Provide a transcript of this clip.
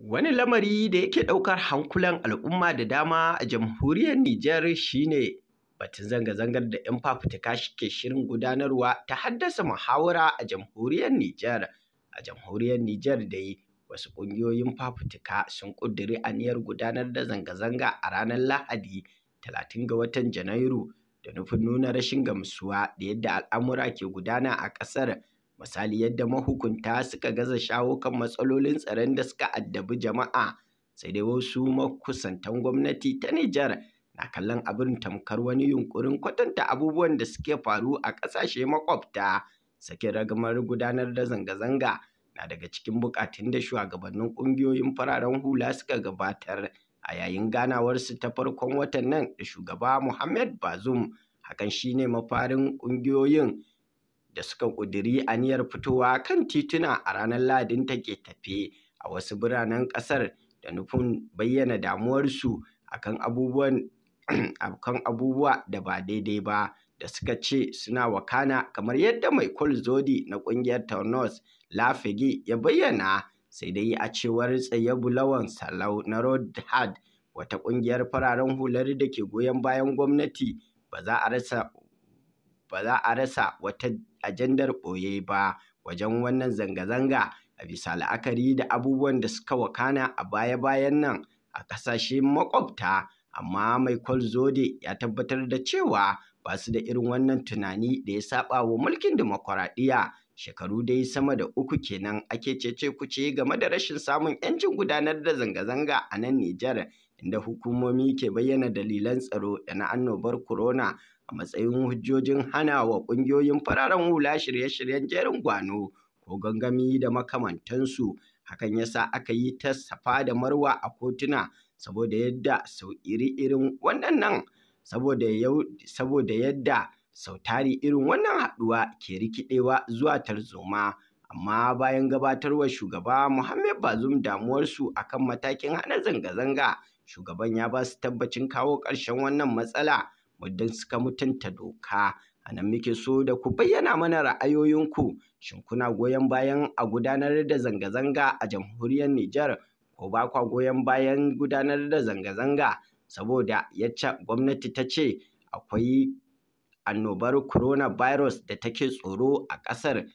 Wani lamari da yake ɗaukar hankulan al'umma da dama a jamhuriyar Nijar shi ne batun zanga-zangar da 'yan fafutuka ke shirin gudanarwa ta haddasa muhawara a jamhuriyar Nijar. A jamhuriyar Nijar dai wasu ƙungiyoyin fafutuka sun ƙudiri aniyar gudanar da zanga-zanga a ranar Lahadi talatin ga watan Janairu da nufin nuna rashin gamsuwa da yadda al'amura ke gudana a ƙasar. misali yadda mahukunta suka gaza shawo kan matsalolin tsaron da suka addabi jama'a sai dai wasu makusantan gwamnati ta Nijar na kallon abin tamkar wani yunkurin kwatanta abubuwan da suke faru a ƙasashe makwabta sakin ragamar gudanar da zanga-zanga na daga cikin bukatun da shugabannin ƙungiyoyin fararen hula suka gabatar a yayin ganawarsu ta farkon watan nan da shugaba Muhammad Bazoum hakan shine mafarin ƙungiyoyin da suka ƙudiri aniyar fitowa kan tituna a ranar Ladin take tafe a wasu biranen ƙasar da nufin bayyana damuwarsu akan akan abubuwa da ba daidai ba da suka ce suna wakana kamar yadda mai zodi na ƙungiyar Taunus, Lafigi ya bayyana sai dai a cewar tsaye bulawan Salau na Hard, wata ƙungiyar fararen hular da ke goyon bayan gwamnati ba za a rasa ba za a rasa wata ajandar ɓoye ba wajen wannan zanga-zanga a bisa la'akari da abubuwan da suka wakana a baya-bayan nan a ƙasashe makwabta amma mai Zode ya tabbatar da cewa ba su da irin wannan tunani da ya saba wa mulkin dimokuraɗiyya shekaru dai sama da uku kenan ake cece kuce game da rashin samun 'yancin gudanar da zanga-zanga a nan Nijar inda hukumomi ke bayyana dalilan tsaro da na annobar corona a matsayin hujjojin hana wa ƙungiyoyin fararen hula shirye-shiryen jerin gwano ko gangami da makamantansu hakan yasa aka yi ta safa da marwa a kotuna saboda yadda sau iri-irin wannan nan saboda yadda sau tari irin wannan haɗuwa ke rikiɗewa zuwa tarzoma amma bayan gabatarwa shugaba Muhammad Bazum damuwarsu akan matakin hana zanga-zanga shugaban ya ba su tabbacin kawo ƙarshen wannan matsala muddin suka mutunta doka a nan muke so da ku bayyana mana ra'ayoyinku shin kuna goyon bayan a gudanar da zanga-zanga a jamhuriyar Nijar ko ba kwa goyon bayan gudanar da zanga-zanga saboda yacce gwamnati ta ce akwai annobar coronavirus da take tsoro a ƙasar